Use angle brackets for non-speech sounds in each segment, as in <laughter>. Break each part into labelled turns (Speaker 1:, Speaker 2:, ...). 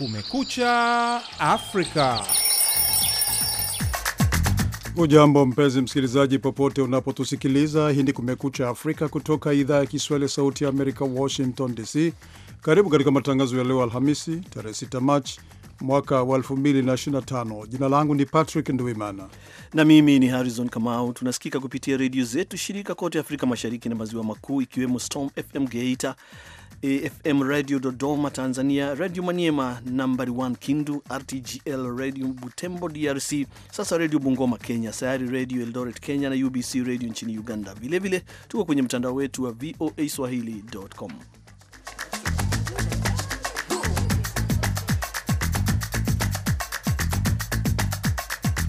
Speaker 1: Kumekucha Afrika. Ujambo mpenzi msikilizaji, popote unapotusikiliza. Hii ni Kumekucha Afrika kutoka idhaa ya Kiswahili, Sauti ya Amerika, Washington DC. Karibu katika matangazo ya leo Alhamisi, tarehe 6 Machi mwaka wa 2025. Jina langu
Speaker 2: ni Patrick Ndwimana na mimi ni Harrison Kamau. Tunasikika kupitia redio zetu shirika kote Afrika Mashariki na Maziwa Makuu, ikiwemo Storm FM Geita, AFM Radio Dodoma Tanzania, Radio Maniema nambari 1 Kindu, RTGL Radio Butembo DRC, sasa Radio Bungoma Kenya, Sayari Radio Eldoret Kenya na UBC Radio nchini Uganda. Vilevile tuko kwenye mtandao wetu wa voa swahili.com.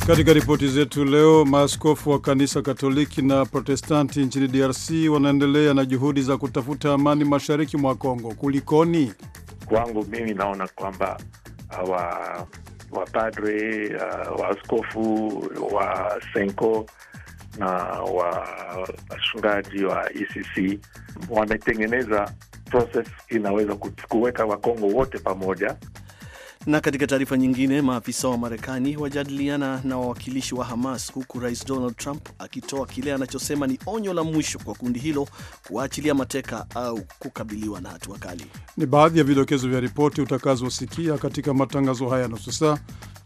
Speaker 1: Katika ripoti zetu leo, maaskofu wa kanisa Katoliki na Protestanti nchini DRC wanaendelea na juhudi za kutafuta amani mashariki mwa Kongo. Kulikoni?
Speaker 3: Kwangu mimi naona kwamba uh, wa wapadre uh, waaskofu wa senko na washungaji wa ECC wametengeneza process inaweza kuweka Wakongo wote pamoja.
Speaker 2: Na katika taarifa nyingine, maafisa wa Marekani wajadiliana na wawakilishi wa Hamas huku Rais Donald Trump akitoa kile anachosema ni onyo la mwisho kwa kundi hilo kuachilia mateka au kukabiliwa na hatua kali.
Speaker 1: Ni baadhi ya vidokezo vya ripoti utakazosikia katika matangazo haya nusu saa,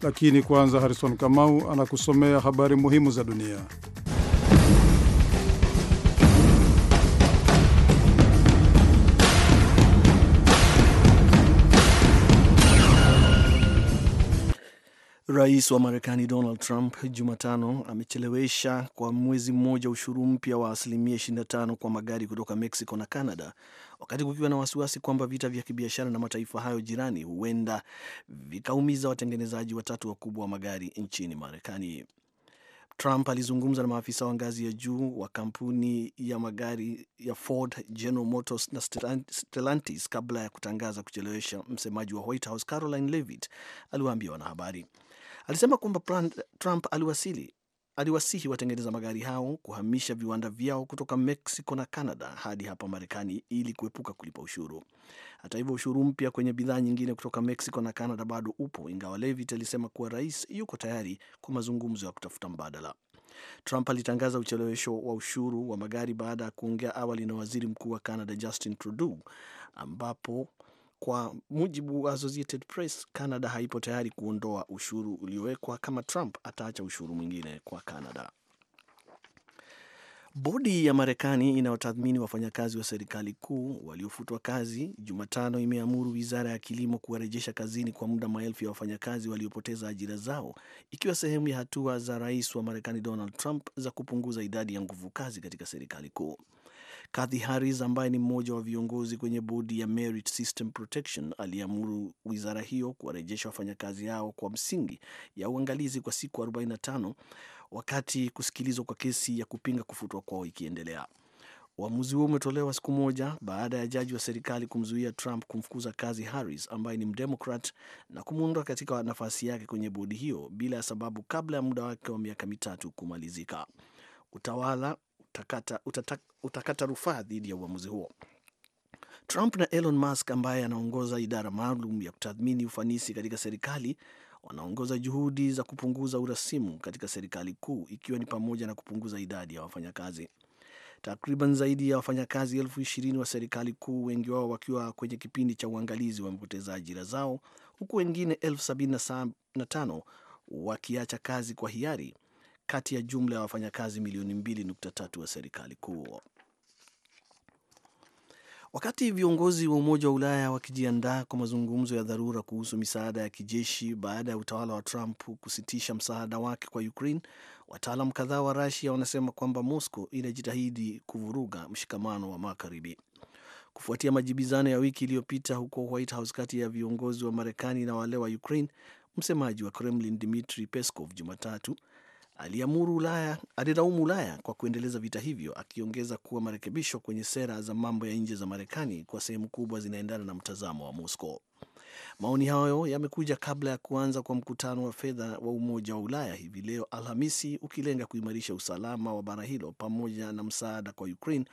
Speaker 1: lakini kwanza, Harrison Kamau anakusomea habari muhimu za dunia.
Speaker 2: Rais wa Marekani Donald Trump Jumatano amechelewesha kwa mwezi mmoja ushuru mpya wa asilimia 25 kwa magari kutoka Mexico na Canada, wakati kukiwa na wasiwasi kwamba vita vya kibiashara na mataifa hayo jirani huenda vikaumiza watengenezaji watatu wakubwa wa magari nchini Marekani. Trump alizungumza na maafisa wa ngazi ya juu wa kampuni ya magari ya Ford, General Motors na Stellantis kabla ya kutangaza kuchelewesha. Msemaji wa White House Caroline Levitt aliwaambia wanahabari Alisema kwamba Trump aliwasili aliwasihi watengeneza magari hao kuhamisha viwanda vyao kutoka Mexico na Canada hadi hapa Marekani ili kuepuka kulipa ushuru. Hata hivyo, ushuru mpya kwenye bidhaa nyingine kutoka Mexico na Canada bado upo, ingawa Levitt alisema kuwa rais yuko tayari kwa mazungumzo ya kutafuta mbadala. Trump alitangaza uchelewesho wa ushuru wa magari baada ya kuongea awali na waziri mkuu wa Canada Justin Trudeau ambapo kwa mujibu wa Associated Press, Canada haipo tayari kuondoa ushuru uliowekwa kama Trump ataacha ushuru mwingine kwa Canada. Bodi ya Marekani inayotathmini wafanyakazi wa serikali kuu waliofutwa kazi Jumatano imeamuru wizara ya kilimo kuwarejesha kazini kwa muda maelfu ya wafanyakazi waliopoteza ajira zao ikiwa sehemu ya hatua za rais wa Marekani Donald Trump za kupunguza idadi ya nguvu kazi katika serikali kuu. Kathy Harris ambaye ni mmoja wa viongozi kwenye bodi ya Merit System Protection aliamuru wizara hiyo kuwarejesha wafanyakazi hao kwa msingi ya uangalizi kwa siku 45 wakati kusikilizwa kwa kesi ya kupinga kufutwa kwao ikiendelea. Uamuzi huo umetolewa siku moja baada ya jaji wa serikali kumzuia Trump kumfukuza kazi Harris ambaye ni mdemokrat na kumuundwa katika nafasi yake kwenye bodi hiyo bila ya sababu kabla ya muda wake wa miaka mitatu kumalizika. Utawala utakata, utata, utakata rufaa dhidi ya uamuzi huo. Trump na Elon Musk ambaye anaongoza idara maalum ya kutathmini ufanisi katika serikali wanaongoza juhudi za kupunguza urasimu katika serikali kuu ikiwa ni pamoja na kupunguza idadi ya wafanyakazi. Takriban zaidi ya wafanyakazi elfu ishirini wa serikali kuu, wengi wao wakiwa kwenye kipindi cha uangalizi, wamepoteza ajira zao, huku wengine elfu sabini na tano wakiacha kazi kwa hiari kati ya jumla ya wafanyakazi milioni 2.3 wa serikali kuu. Wakati viongozi wa Umoja wa Ulaya wakijiandaa kwa mazungumzo ya dharura kuhusu misaada ya kijeshi baada ya utawala wa Trump kusitisha msaada wake kwa Ukraine, wataalam kadhaa wa Rasia wanasema kwamba Moscow inajitahidi kuvuruga mshikamano wa Magharibi kufuatia majibizano ya wiki iliyopita huko White House kati ya viongozi wa Marekani na wale wa Ukraine. Msemaji wa Kremlin Dmitri Peskov Jumatatu aliamuru Ulaya, alilaumu Ulaya kwa kuendeleza vita hivyo, akiongeza kuwa marekebisho kwenye sera za mambo ya nje za Marekani kwa sehemu kubwa zinaendana na mtazamo wa Moscow. Maoni hayo yamekuja kabla ya kuanza kwa mkutano wa fedha wa Umoja wa Ulaya hivi leo Alhamisi, ukilenga kuimarisha usalama wa bara hilo pamoja na msaada kwa Ukraine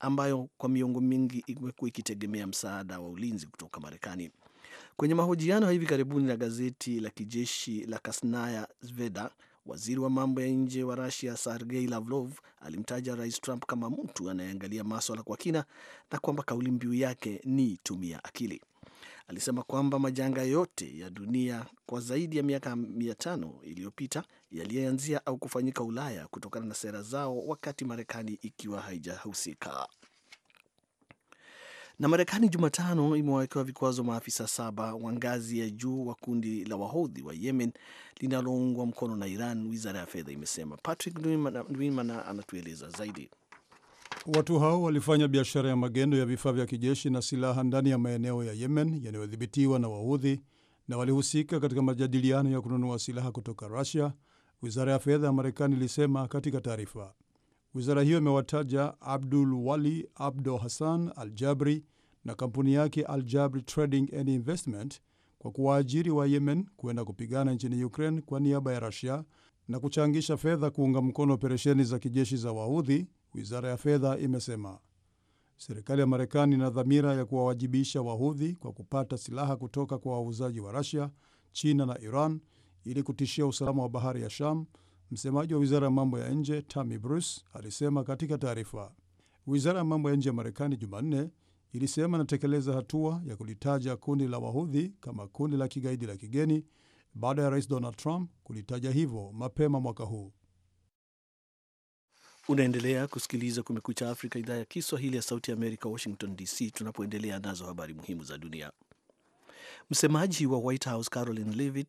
Speaker 2: ambayo kwa miongo mingi imekuwa ikitegemea msaada wa ulinzi kutoka Marekani. Kwenye mahojiano ya hivi karibuni na gazeti la kijeshi la Kasnaya Zveda, Waziri wa mambo ya nje wa Rusia Sergei Lavrov alimtaja Rais Trump kama mtu anayeangalia maswala kwa kina na kwamba kauli mbiu yake ni tumia akili. Alisema kwamba majanga yote ya dunia kwa zaidi ya miaka mia tano iliyopita yaliyeanzia au kufanyika Ulaya kutokana na sera zao, wakati Marekani ikiwa haijahusika. Na Marekani Jumatano imewawekewa vikwazo maafisa saba wa ngazi ya juu wa kundi la wahodhi wa Yemen linaloungwa mkono na Iran, wizara ya fedha imesema. Patrick Dwimana anatueleza zaidi.
Speaker 1: Watu hao walifanya biashara ya magendo ya vifaa vya kijeshi na silaha ndani ya maeneo ya Yemen yanayodhibitiwa na waudhi na walihusika katika majadiliano ya kununua silaha kutoka Rusia, wizara ya fedha ya Marekani ilisema katika taarifa. Wizara hiyo imewataja Abdul Wali Abdo Hassan Al Jabri na kampuni yake Al Jabri Trading and Investment kwa kuwaajiri wa Yemen kwenda kupigana nchini Ukraine kwa niaba ya rasia na kuchangisha fedha kuunga mkono operesheni za kijeshi za Waudhi. Wizara ya fedha imesema serikali ya Marekani ina dhamira ya kuwawajibisha Wahudhi kwa kupata silaha kutoka kwa wauzaji wa rasia China na Iran ili kutishia usalama wa bahari ya Sham Msemaji wa wizara ya mambo ya nje Tammy Bruce alisema katika taarifa. Wizara ya mambo ya nje ya Marekani Jumanne ilisema inatekeleza hatua ya kulitaja kundi la wahudhi kama kundi la kigaidi la kigeni baada ya rais Donald Trump kulitaja hivyo mapema mwaka huu.
Speaker 2: Unaendelea kusikiliza Kumekucha Afrika, idhaa ya Kiswahili ya Sauti Amerika, Washington DC, tunapoendelea nazo habari muhimu za dunia. Msemaji wa White House Caroline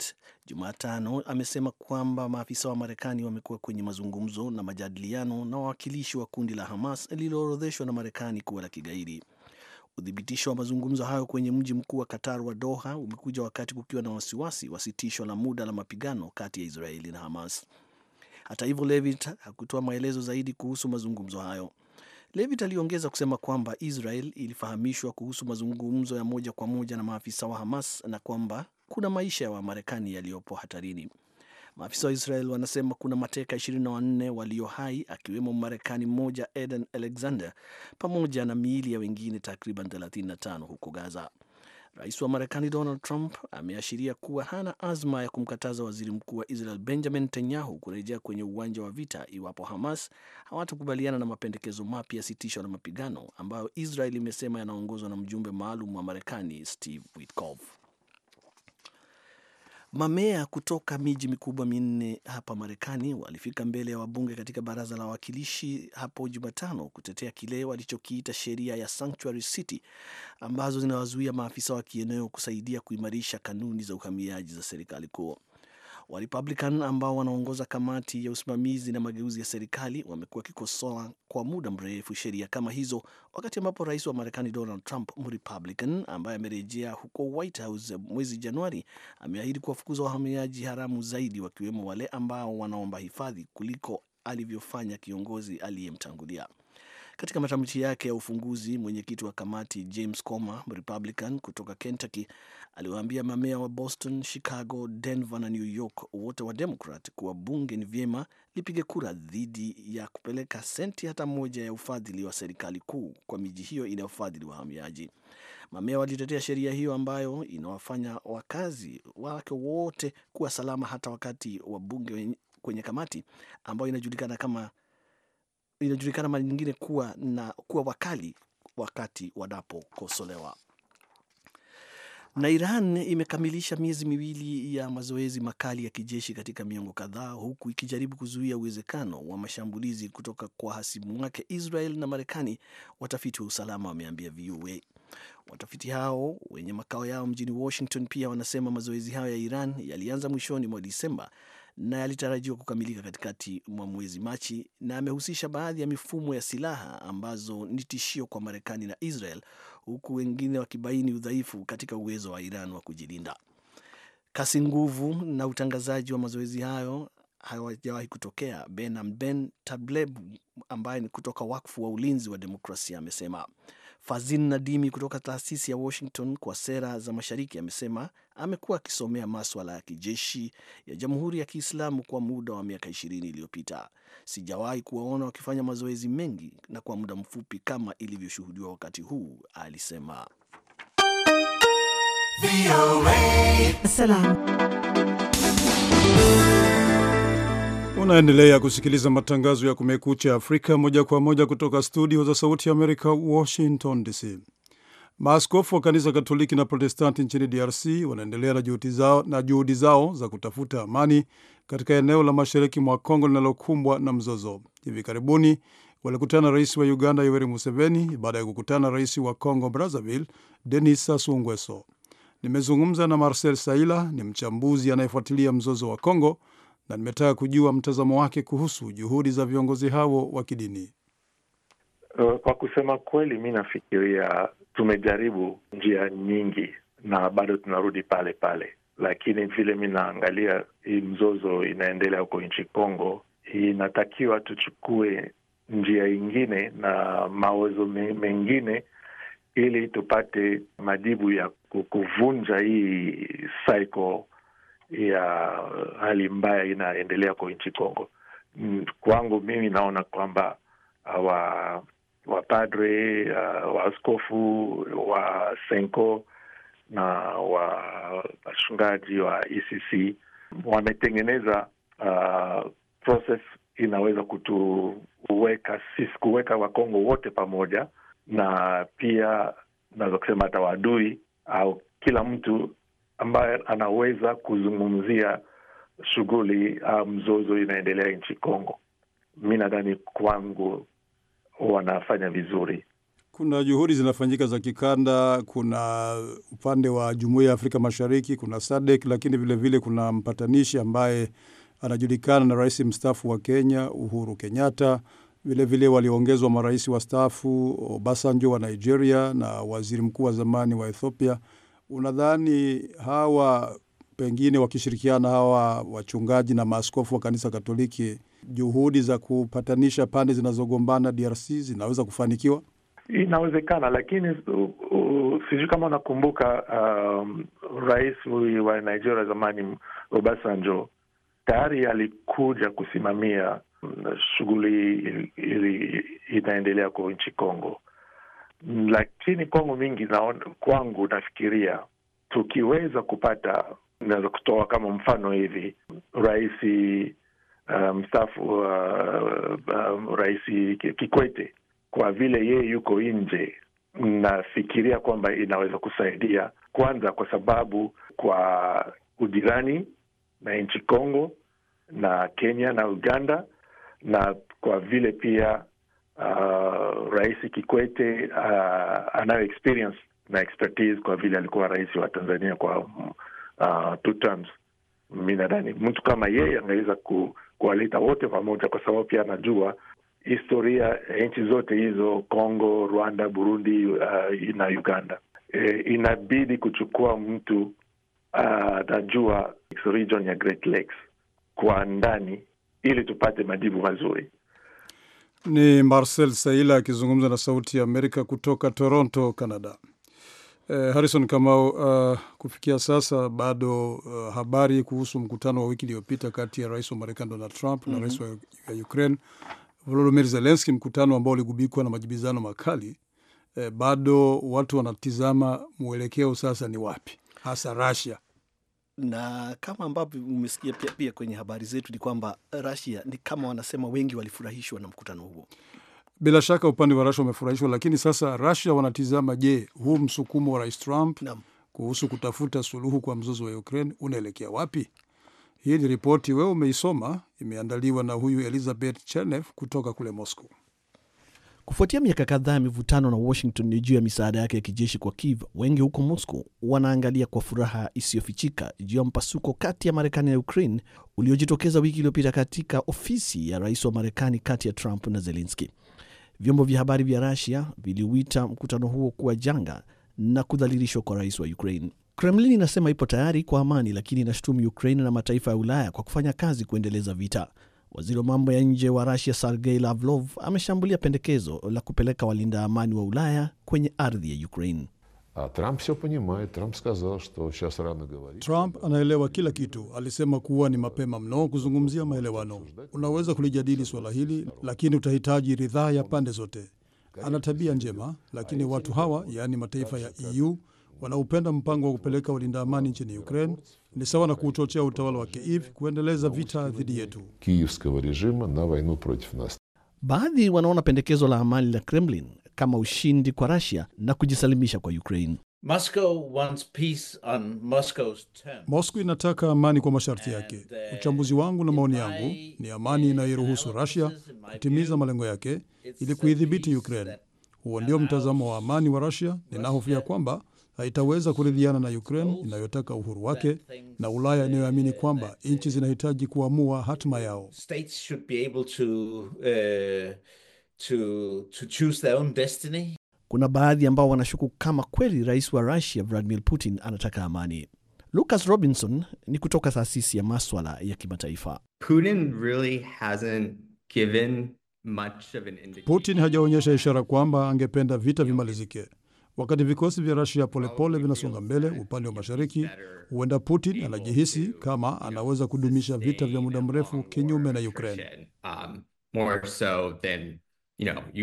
Speaker 2: Jumatano amesema kwamba maafisa wa Marekani wamekuwa kwenye mazungumzo na majadiliano na wawakilishi wa kundi la Hamas lililoorodheshwa na Marekani kuwa la kigaidi. Uthibitisho wa mazungumzo hayo kwenye mji mkuu wa Qatar wa Doha umekuja wakati kukiwa na wasiwasi wa sitisho la muda la mapigano kati ya Israeli na Hamas. Hata hivyo, levit hakutoa maelezo zaidi kuhusu mazungumzo hayo levit aliongeza kusema kwamba Israel ilifahamishwa kuhusu mazungumzo ya moja kwa moja na maafisa wa Hamas na kwamba kuna maisha ya Wamarekani yaliyopo hatarini. Maafisa wa Israel wanasema kuna mateka 24 walio hai akiwemo Marekani mmoja Eden Alexander pamoja na miili ya wengine takriban 35 huko Gaza. Rais wa Marekani Donald Trump ameashiria kuwa hana azma ya kumkataza waziri mkuu wa Israel Benjamin Netanyahu kurejea kwenye uwanja wa vita iwapo Hamas hawatakubaliana na mapendekezo mapya ya sitisho la mapigano ambayo Israel imesema yanaongozwa na mjumbe maalum wa Marekani Steve Witkoff. Mamea kutoka miji mikubwa minne hapa Marekani walifika mbele ya wabunge katika baraza la wawakilishi hapo Jumatano kutetea kile walichokiita sheria ya sanctuary city ambazo zinawazuia maafisa wa kieneo kusaidia kuimarisha kanuni za uhamiaji za serikali kuu wa Republican ambao wanaongoza kamati ya usimamizi na mageuzi ya serikali wamekuwa wakikosoa kwa muda mrefu sheria kama hizo, wakati ambapo rais wa Marekani Donald Trump Mrepublican ambaye amerejea huko White House mwezi Januari ameahidi kuwafukuza wahamiaji haramu zaidi, wakiwemo wale ambao wanaomba hifadhi kuliko alivyofanya kiongozi aliyemtangulia. Katika matamshi yake ya ufunguzi, mwenyekiti wa kamati James Comer, Republican kutoka Kentucky, aliwaambia mamea wa Boston, Chicago, Denver na New York, wote wa Demokrat, kuwa bunge ni vyema lipige kura dhidi ya kupeleka senti hata moja ya ufadhili wa serikali kuu kwa miji hiyo inayofadhili wahamiaji. Mamea walitetea sheria hiyo ambayo inawafanya wakazi wake wote kuwa salama hata wakati wa bunge kwenye kamati ambayo inajulikana kama inajulikana mara nyingine kuwa na kuwa wakali wakati wanapokosolewa. Na Iran imekamilisha miezi miwili ya mazoezi makali ya kijeshi katika miongo kadhaa, huku ikijaribu kuzuia uwezekano wa mashambulizi kutoka kwa hasimu wake Israel na Marekani, watafiti wa usalama wameambia VOA. Watafiti hao wenye makao yao mjini Washington pia wanasema mazoezi hayo ya Iran yalianza mwishoni mwa Disemba na yalitarajiwa kukamilika katikati mwa mwezi Machi na amehusisha baadhi ya mifumo ya silaha ambazo ni tishio kwa Marekani na Israel, huku wengine wakibaini udhaifu katika uwezo wa Iran wa kujilinda. Kasi nguvu na utangazaji wa mazoezi hayo hawajawahi kutokea, Benam tablebu Tableb ambaye ni kutoka wakfu wa ulinzi wa demokrasia amesema. Fazil Nadimi kutoka taasisi ya Washington kwa sera za Mashariki amesema amekuwa akisomea maswala ya kijeshi ya Jamhuri ya Kiislamu kwa muda wa miaka ishirini iliyopita. Sijawahi kuwaona wakifanya mazoezi mengi na kwa muda mfupi kama ilivyoshuhudiwa wakati huu, alisema. Salam.
Speaker 1: Unaendelea kusikiliza matangazo ya Kumekucha Afrika moja kwa moja kutoka studio za Sauti ya Amerika, Washington DC. Maaskofu wa kanisa Katoliki na Protestanti nchini DRC wanaendelea na juhudi zao, na juhudi zao za kutafuta amani katika eneo la mashariki mwa Kongo linalokumbwa na mzozo. Hivi karibuni walikutana na rais wa Uganda Yoweri Museveni baada ya kukutana na rais wa Congo brazaville Denis sasungweso Nimezungumza na Marcel Saila, ni mchambuzi anayefuatilia mzozo wa congo na nimetaka kujua mtazamo wake kuhusu juhudi za viongozi hao wa kidini.
Speaker 3: Uh, kwa kusema kweli, mi nafikiria tumejaribu njia nyingi na bado tunarudi pale pale, lakini vile mi naangalia hii mzozo inaendelea huko nchi Kongo, inatakiwa tuchukue njia ingine na mawazo mengine ili tupate majibu ya kuvunja hii cycle ya hali mbaya inaendelea kwa nchi Kongo. Mm, kwangu mimi naona kwamba uh, wa wapadre uh, waaskofu wa senko na washungaji wa ECC wametengeneza uh, process inaweza kutuweka sisi kuweka Wakongo wote pamoja, na pia naweza kusema hata wadui au kila mtu ambaye anaweza kuzungumzia shughuli au ah, mzozo inaendelea nchi Kongo. Mi nadhani kwangu wanafanya vizuri.
Speaker 1: Kuna juhudi zinafanyika za kikanda, kuna upande wa jumuiya ya Afrika Mashariki, kuna SADC, lakini vilevile vile kuna mpatanishi ambaye anajulikana na rais mstaafu wa Kenya Uhuru Kenyatta. Vilevile waliongezwa marais wastaafu Obasanjo wa Nigeria na waziri mkuu wa zamani wa Ethiopia unadhani hawa pengine wakishirikiana hawa wachungaji na maaskofu wa kanisa Katoliki, juhudi za kupatanisha pande zinazogombana DRC zinaweza
Speaker 3: kufanikiwa? Inawezekana, lakini uh, uh, sijui kama unakumbuka um, rais huyu wa Nigeria zamani Obasanjo tayari alikuja kusimamia um, shughuli inaendelea kwa nchi Kongo lakini kwangu mingi naona, kwangu nafikiria tukiweza kupata, naweza kutoa kama mfano hivi, rais uh, mstaafu uh, uh, rais Kikwete, kwa vile yeye yuko nje, nafikiria kwamba inaweza kusaidia kwanza, kwa sababu kwa ujirani na nchi Kongo na Kenya na Uganda, na kwa vile pia uh, Rais Kikwete uh, anayo experience na expertise kwa vile alikuwa rais wa Tanzania kwa uh, two terms. Mi nadhani mtu kama yeye angeweza ku, kuwaleta wote pamoja, kwa sababu pia anajua historia ya nchi zote hizo, Congo, Rwanda, Burundi uh, na Uganda. E, inabidi kuchukua mtu atajua uh, region ya Great Lakes kwa ndani ili tupate majibu mazuri.
Speaker 1: Ni Marcel Saila akizungumza na Sauti ya Amerika kutoka Toronto, Canada. Eh, Harrison Kamau, uh, kufikia sasa bado uh, habari kuhusu mkutano wa wiki iliyopita kati ya rais wa Marekani Donald Trump mm -hmm. na rais wa mhm. Ukraine Volodymyr Zelensky, mkutano ambao uligubikwa na majibizano makali eh, bado watu wanatizama mwelekeo sasa ni wapi
Speaker 2: hasa Russia na kama ambavyo umesikia pia, pia kwenye habari zetu ni kwamba Russia ni kama wanasema wengi walifurahishwa na mkutano huo.
Speaker 1: Bila shaka upande wa Russia wamefurahishwa, lakini sasa Russia wanatizama, je, huu msukumo wa Rais Trump Naam. kuhusu kutafuta suluhu kwa mzozo wa Ukraine unaelekea wapi? Hii ni ripoti wewe umeisoma, imeandaliwa na huyu Elizabeth Chenef kutoka kule Moscow.
Speaker 2: Kufuatia miaka kadhaa ya mivutano na Washington ni juu ya misaada yake ya kijeshi kwa Kiev, wengi huko Moscow wanaangalia kwa furaha isiyofichika juu ya mpasuko kati ya Marekani na Ukraine uliojitokeza wiki iliyopita katika ofisi ya rais wa Marekani kati ya Trump na zelenski Vyombo vya habari vya rasia viliuita mkutano huo kuwa janga na kudhalilishwa kwa rais wa Ukraine. Kremlin inasema ipo tayari kwa amani, lakini inashutumu Ukraine na mataifa ya Ulaya kwa kufanya kazi kuendeleza vita. Waziri wa mambo ya nje wa Rusia Sergei Lavrov ameshambulia pendekezo la kupeleka walinda amani wa Ulaya kwenye ardhi ya Ukraine. Trump
Speaker 1: Trump anaelewa kila kitu. Alisema kuwa ni mapema mno kuzungumzia maelewano. Unaweza kulijadili suala hili, lakini utahitaji ridhaa ya pande zote. Ana tabia njema, lakini watu hawa, yaani mataifa ya EU wanaopenda mpango wa kupeleka walinda amani nchini Ukraine ni sawa na kuuchochea utawala wa Kiev kuendeleza vita dhidi yetu.
Speaker 2: Baadhi wanaona pendekezo la amani la Kremlin kama ushindi kwa rasia na kujisalimisha kwa Ukraine. Moscow inataka amani kwa masharti yake. Uchambuzi wangu na maoni
Speaker 1: yangu ni amani inayoruhusu rasia kutimiza malengo yake ili kuidhibiti Ukraine. Huo ndio mtazamo wa amani wa rasia Ninahofia kwamba haitaweza kuridhiana na Ukraine inayotaka uhuru wake na Ulaya inayoamini kwamba nchi zinahitaji kuamua hatima
Speaker 2: yao. Uh, Kuna baadhi ambao wanashuku kama kweli rais wa Russia Vladimir Putin anataka amani. Lucas Robinson ni kutoka taasisi ya maswala ya kimataifa. Putin,
Speaker 3: really hasn't given much of an indication. Putin
Speaker 2: hajaonyesha ishara
Speaker 1: kwamba angependa vita vimalizike. Wakati vikosi vya rasia polepole vinasonga mbele upande wa mashariki, huenda Putin anajihisi kama anaweza kudumisha vita vya muda mrefu
Speaker 3: kinyume na um,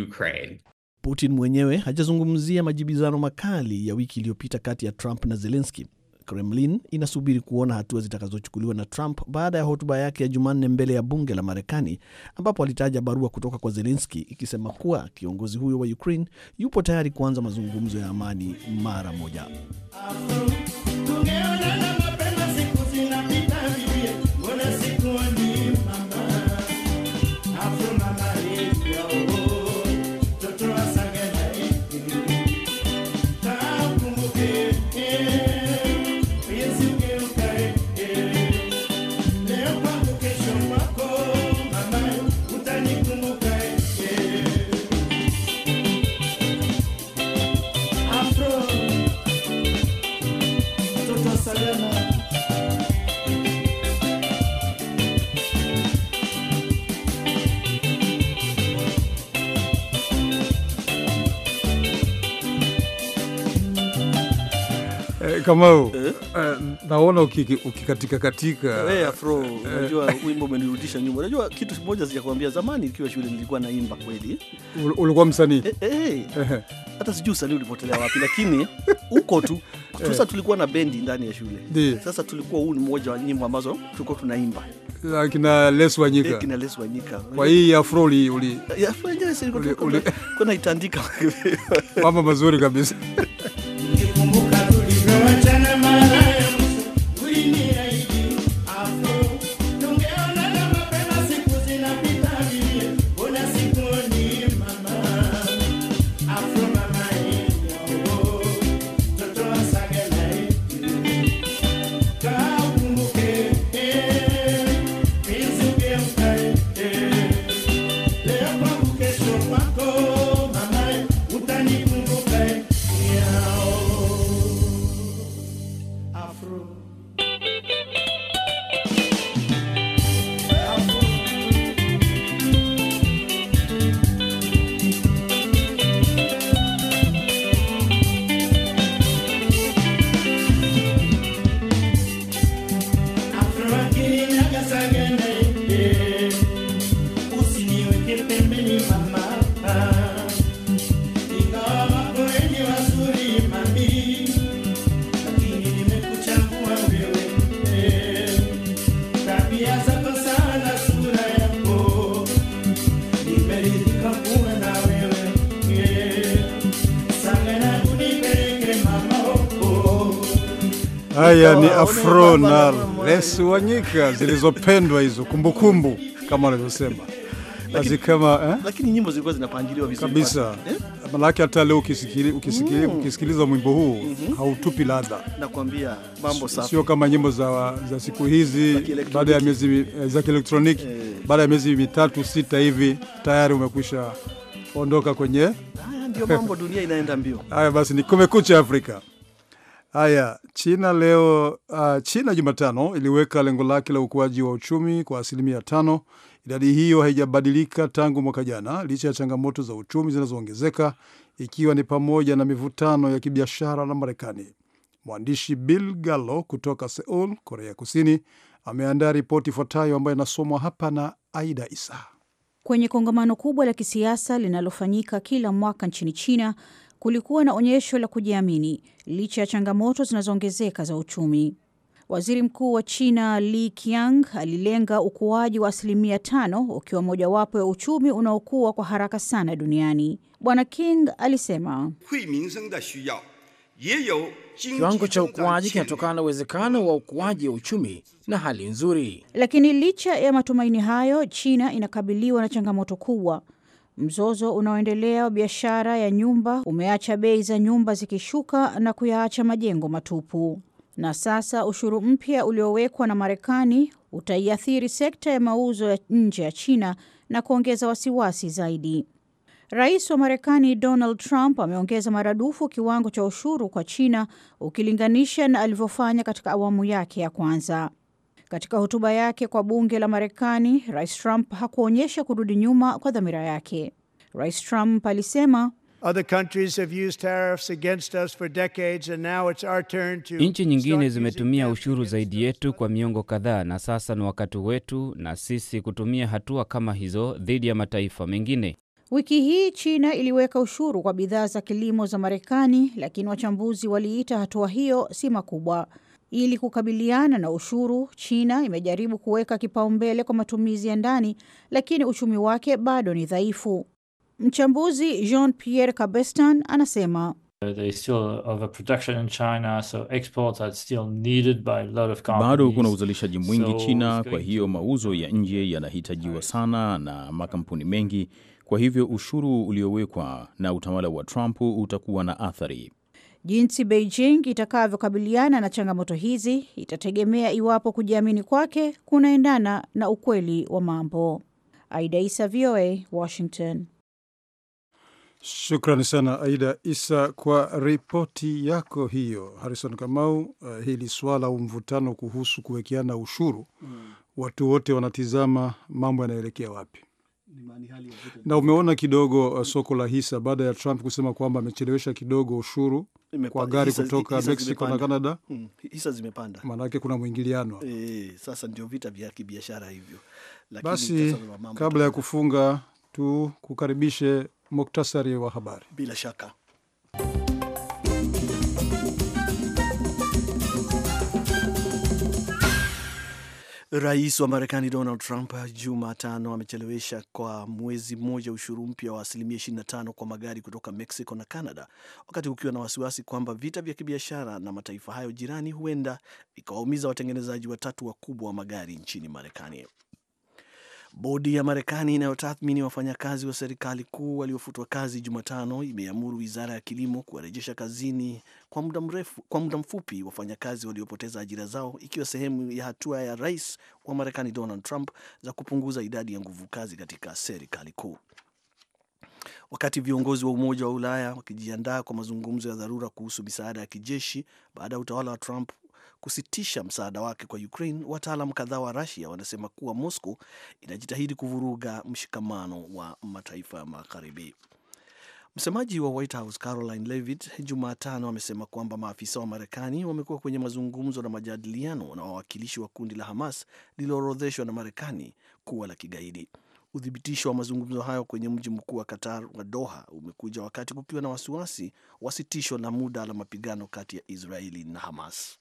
Speaker 3: Ukraine.
Speaker 2: Putin mwenyewe hajazungumzia majibizano makali ya wiki iliyopita kati ya Trump na Zelenski, Kremlin inasubiri kuona hatua zitakazochukuliwa na Trump baada ya hotuba yake ya Jumanne mbele ya bunge la Marekani, ambapo alitaja barua kutoka kwa Zelenski ikisema kuwa kiongozi huyo wa Ukraine yupo tayari kuanza mazungumzo ya amani mara moja. Kamau, eh? Eh,
Speaker 1: naona ukikatika katika. Hey, eh, afro, unajua
Speaker 2: wimbo umenirudisha nyuma. Unajua kitu moja sijakwambia, zamani nikiwa shule nilikuwa naimba kweli. Ulikuwa msanii? Hata sijui usanii ulipotelea wapi, lakini huko tu sasa tulikuwa na bendi ndani ya shule. Di. Sasa tulikuwa huu ni mmoja wa nyimbo ambazo tulikuwa tunaimba.
Speaker 1: Kina Les Wanyika. Eh, kina Lesu Wanyika. Kwa hii afro uli uli. Ya afro yenyewe sikuwa
Speaker 2: tunaitandika.
Speaker 1: Mambo mazuri kabisa. <laughs> Haya ni afro na Les Wanyika zilizopendwa hizo, kumbukumbu kama wanavyosema Lakin, kama eh?
Speaker 2: Lakini nyimbo zilikuwa zinapangiliwa vizuri kabisa
Speaker 1: eh? Malaki hata leo ukisikili, ukisikili, mm. ukisikiliza mwimbo huu mm -hmm. hautupi ladha,
Speaker 2: nakwambia mambo safi, sio
Speaker 1: kama nyimbo za, za siku hizi baada ya miezi za kielektroniki eh. baada ya miezi mitatu sita hivi tayari umekwisha ondoka kwenye.
Speaker 2: Haya ndio mambo, dunia inaenda mbio.
Speaker 1: Haya basi ni kumekucha Afrika. Haya, China leo. Uh, China Jumatano iliweka lengo lake la ukuaji wa uchumi kwa asilimia tano. Idadi hiyo haijabadilika tangu mwaka jana licha ya changamoto za uchumi zinazoongezeka ikiwa ni pamoja na mivutano ya kibiashara na Marekani. Mwandishi Bill Gallo kutoka Seoul, Korea Kusini, ameandaa ripoti ifuatayo ambayo inasomwa hapa na Aida Isa.
Speaker 4: Kwenye kongamano kubwa la kisiasa linalofanyika kila mwaka nchini China, kulikuwa na onyesho la kujiamini licha ya changamoto zinazoongezeka za uchumi. Waziri Mkuu wa China Li Qiang alilenga ukuaji wa asilimia tano ukiwa mojawapo ya uchumi unaokuwa kwa haraka sana duniani. Bwana King alisema kiwango cha ukuaji kinatokana na uwezekano wa ukuaji wa uchumi
Speaker 5: na hali nzuri.
Speaker 4: Lakini licha ya matumaini hayo, China inakabiliwa na changamoto kubwa Mzozo unaoendelea wa biashara ya nyumba umeacha bei za nyumba zikishuka na kuyaacha majengo matupu. Na sasa ushuru mpya uliowekwa na Marekani utaiathiri sekta ya mauzo ya nje ya China na kuongeza wasiwasi zaidi. Rais wa Marekani Donald Trump ameongeza maradufu kiwango cha ushuru kwa China ukilinganisha na alivyofanya katika awamu yake ya kwanza. Katika hotuba yake kwa bunge la Marekani, Rais Trump hakuonyesha kurudi nyuma kwa dhamira yake. Rais Trump alisema
Speaker 1: nchi
Speaker 5: nyingine zimetumia ushuru zaidi yetu kwa miongo kadhaa, na sasa ni wakati wetu na sisi kutumia hatua kama hizo dhidi ya mataifa mengine.
Speaker 4: Wiki hii China iliweka ushuru kwa bidhaa za kilimo za Marekani, lakini wachambuzi waliita hatua hiyo si makubwa. Ili kukabiliana na ushuru, China imejaribu kuweka kipaumbele kwa matumizi ya ndani, lakini uchumi wake bado ni dhaifu. Mchambuzi Jean Pierre Cabestan anasema
Speaker 5: bado kuna uzalishaji mwingi so China, kwa hiyo mauzo ya nje yanahitajiwa sana na makampuni mengi. Kwa hivyo ushuru uliowekwa na utawala wa Trump utakuwa na athari.
Speaker 4: Jinsi Beijing itakavyokabiliana na changamoto hizi itategemea iwapo kujiamini kwake kunaendana na ukweli wa mambo. Aida Isa, VOA, Washington.
Speaker 1: Shukrani sana Aida Isa kwa ripoti yako hiyo. Harrison Kamau, uh, hili swala au mvutano kuhusu kuwekeana ushuru mm, watu wote wanatizama mambo yanaelekea wapi? na umeona kidogo uh, soko la hisa baada ya Trump kusema kwamba amechelewesha kidogo ushuru Imepa, kwa gari hisa, kutoka hisa Mexico na Canada
Speaker 2: hmm, hisa zimepanda, maanake kuna mwingiliano e, sasa ndio vita vya kibiashara hivyo. Lakini basi kabla
Speaker 1: ya kufunga tu kukaribishe muktasari wa habari
Speaker 2: bila shaka. Rais wa Marekani Donald Trump Jumatano amechelewesha kwa mwezi mmoja ushuru mpya wa asilimia 25 kwa magari kutoka Mexico na Canada, wakati ukiwa na wasiwasi kwamba vita vya kibiashara na mataifa hayo jirani huenda vikawaumiza watengenezaji watatu wakubwa wa magari nchini Marekani. Bodi ya Marekani inayotathmini wafanyakazi wa serikali kuu waliofutwa kazi Jumatano imeamuru wizara ya kilimo kuwarejesha kazini kwa muda mrefu, kwa muda mfupi wafanyakazi waliopoteza ajira zao ikiwa sehemu ya hatua ya rais wa Marekani Donald Trump za kupunguza idadi ya nguvu kazi katika serikali kuu. Wakati viongozi wa Umoja wa Ulaya wakijiandaa kwa mazungumzo ya dharura kuhusu misaada ya kijeshi baada ya utawala wa Trump kusitisha msaada wake kwa Ukraine, wataalam kadhaa wa Russia wanasema kuwa Moscow inajitahidi kuvuruga mshikamano wa mataifa ya Magharibi. Msemaji wa White House Caroline Levitt Jumatano amesema kwamba maafisa wa Marekani wamekuwa kwenye mazungumzo na majadiliano na wawakilishi wa kundi la Hamas lililoorodheshwa na Marekani kuwa la kigaidi. Uthibitisho wa mazungumzo hayo kwenye mji mkuu wa Qatar wa Doha umekuja wakati kukiwa na wasiwasi wa sitisho la muda la mapigano kati ya Israeli na Hamas.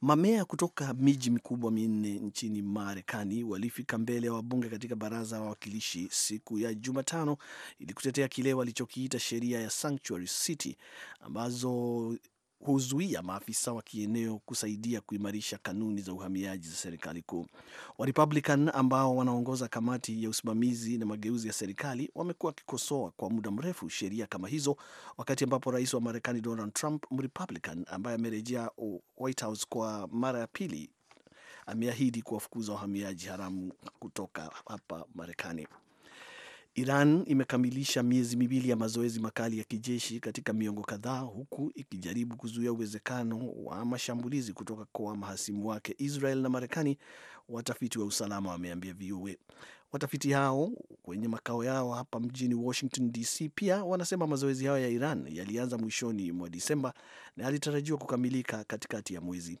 Speaker 2: Mamea kutoka miji mikubwa minne nchini Marekani walifika mbele ya wa wabunge katika baraza la wawakilishi siku ya Jumatano ili kutetea kile walichokiita sheria ya Sanctuary City ambazo huzuia maafisa wa kieneo kusaidia kuimarisha kanuni za uhamiaji za serikali kuu. Warepublican ambao wanaongoza kamati ya usimamizi na mageuzi ya serikali wamekuwa wakikosoa kwa muda mrefu sheria kama hizo, wakati ambapo rais wa Marekani Donald Trump Mrepublican ambaye amerejea White House kwa mara ya pili ameahidi kuwafukuza wahamiaji haramu kutoka hapa Marekani. Iran imekamilisha miezi miwili ya mazoezi makali ya kijeshi katika miongo kadhaa huku ikijaribu kuzuia uwezekano wa mashambulizi kutoka kwa mahasimu wake Israel na Marekani, watafiti wa usalama wameambia VOA. Watafiti hao kwenye makao yao hapa mjini Washington DC pia wanasema mazoezi hayo ya Iran yalianza mwishoni mwa Disemba na yalitarajiwa kukamilika katikati ya mwezi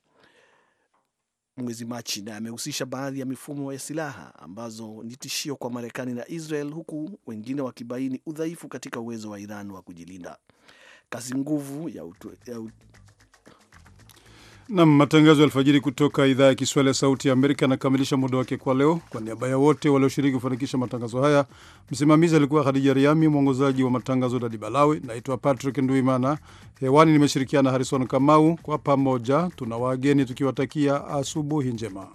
Speaker 2: mwezi Machi na amehusisha baadhi ya mifumo ya silaha ambazo ni tishio kwa Marekani na Israel, huku wengine wakibaini udhaifu katika uwezo wa Iran wa kujilinda. Kazi nguvu ya, utu, ya
Speaker 1: Nam, matangazo ya alfajiri kutoka idhaa ya Kiswahili ya Sauti ya Amerika yanakamilisha muda wake kwa leo. Kwa niaba ya wote walioshiriki kufanikisha matangazo haya, msimamizi alikuwa Khadija Riami, mwongozaji wa matangazo Dadi Balawi. Naitwa Patrick Nduimana, hewani nimeshirikiana Harrison Kamau. Kwa pamoja tuna wageni tukiwatakia asubuhi njema.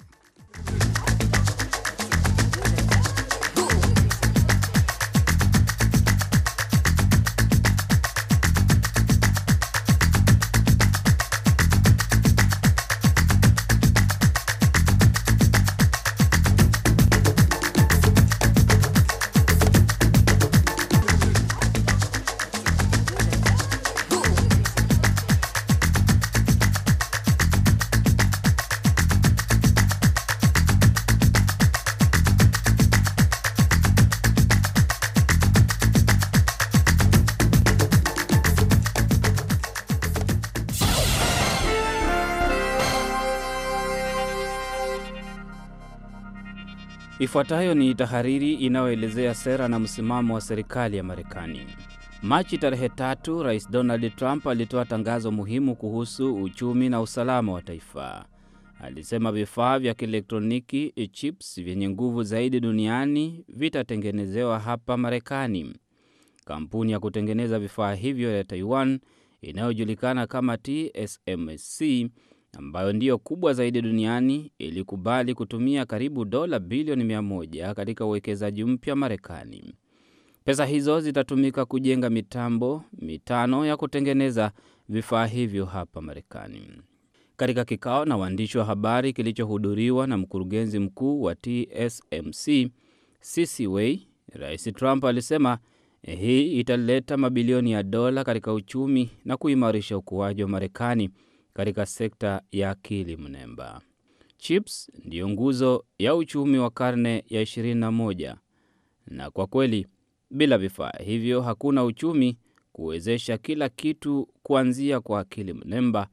Speaker 5: Ifuatayo ni tahariri inayoelezea sera na msimamo wa serikali ya Marekani. Machi tarehe tatu, Rais Donald Trump alitoa tangazo muhimu kuhusu uchumi na usalama wa taifa. Alisema vifaa vya kielektroniki chips vyenye nguvu zaidi duniani vitatengenezewa hapa Marekani. Kampuni ya kutengeneza vifaa hivyo ya Taiwan inayojulikana kama TSMC ambayo ndiyo kubwa zaidi duniani ilikubali kutumia karibu dola bilioni 100 katika uwekezaji mpya Marekani. Pesa hizo zitatumika kujenga mitambo mitano ya kutengeneza vifaa hivyo hapa Marekani. Katika kikao na waandishi wa habari kilichohudhuriwa na mkurugenzi mkuu wa TSMC CC Wei, Rais Trump alisema eh, hii italeta mabilioni ya dola katika uchumi na kuimarisha ukuaji wa Marekani katika sekta ya akili mnemba. Chips ndiyo nguzo ya uchumi wa karne ya 21, na kwa kweli bila vifaa hivyo hakuna uchumi. Kuwezesha kila kitu kuanzia kwa akili mnemba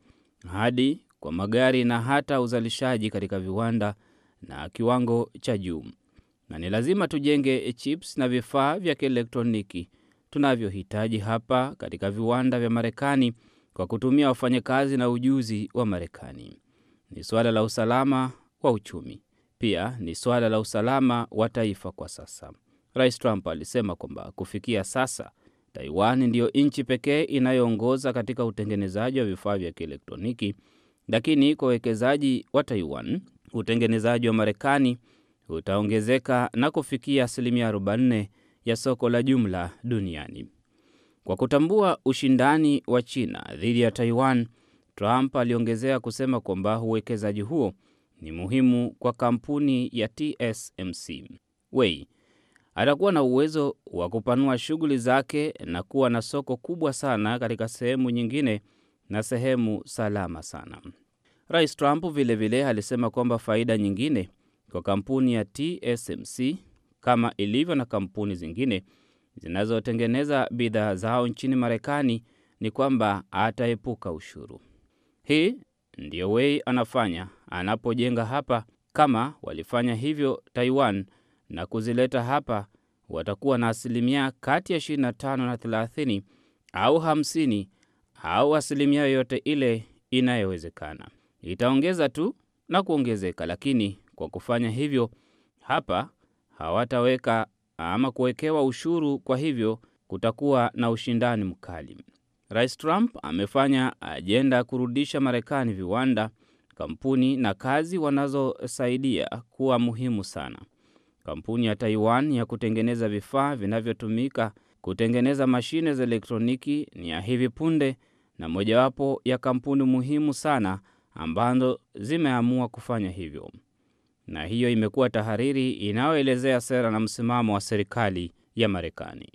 Speaker 5: hadi kwa magari na hata uzalishaji katika viwanda na kiwango cha juu, na ni lazima tujenge chips na vifaa vya kielektroniki tunavyohitaji hapa katika viwanda vya Marekani kwa kutumia wafanyakazi na ujuzi wa Marekani. Ni suala la usalama wa uchumi, pia ni suala la usalama wa taifa kwa sasa. Rais Trump alisema kwamba kufikia sasa Taiwan ndiyo nchi pekee inayoongoza katika utengenezaji wa vifaa vya kielektroniki, lakini kwa uwekezaji wa Taiwan, utengenezaji wa Marekani utaongezeka na kufikia asilimia 40 ya soko la jumla duniani. Kwa kutambua ushindani wa China dhidi ya Taiwan, Trump aliongezea kusema kwamba uwekezaji huo ni muhimu kwa kampuni ya TSMC. Wei atakuwa na uwezo wa kupanua shughuli zake na kuwa na soko kubwa sana katika sehemu nyingine na sehemu salama sana. Rais Trump vilevile alisema kwamba faida nyingine kwa kampuni ya TSMC kama ilivyo na kampuni zingine zinazotengeneza bidhaa zao nchini Marekani ni kwamba ataepuka ushuru. Hii ndiyo Wei anafanya anapojenga hapa. Kama walifanya hivyo Taiwan na kuzileta hapa, watakuwa na asilimia kati ya 25 na 30 au 50 au asilimia yoyote ile inayowezekana. Itaongeza tu na kuongezeka, lakini kwa kufanya hivyo hapa hawataweka ama kuwekewa ushuru, kwa hivyo kutakuwa na ushindani mkali. Rais Trump amefanya ajenda ya kurudisha Marekani viwanda, kampuni na kazi wanazosaidia kuwa muhimu sana. Kampuni ya Taiwan ya kutengeneza vifaa vinavyotumika kutengeneza mashine za elektroniki ni ya hivi punde na mojawapo ya kampuni muhimu sana ambazo zimeamua kufanya hivyo na hiyo imekuwa tahariri inayoelezea sera na msimamo wa serikali ya Marekani.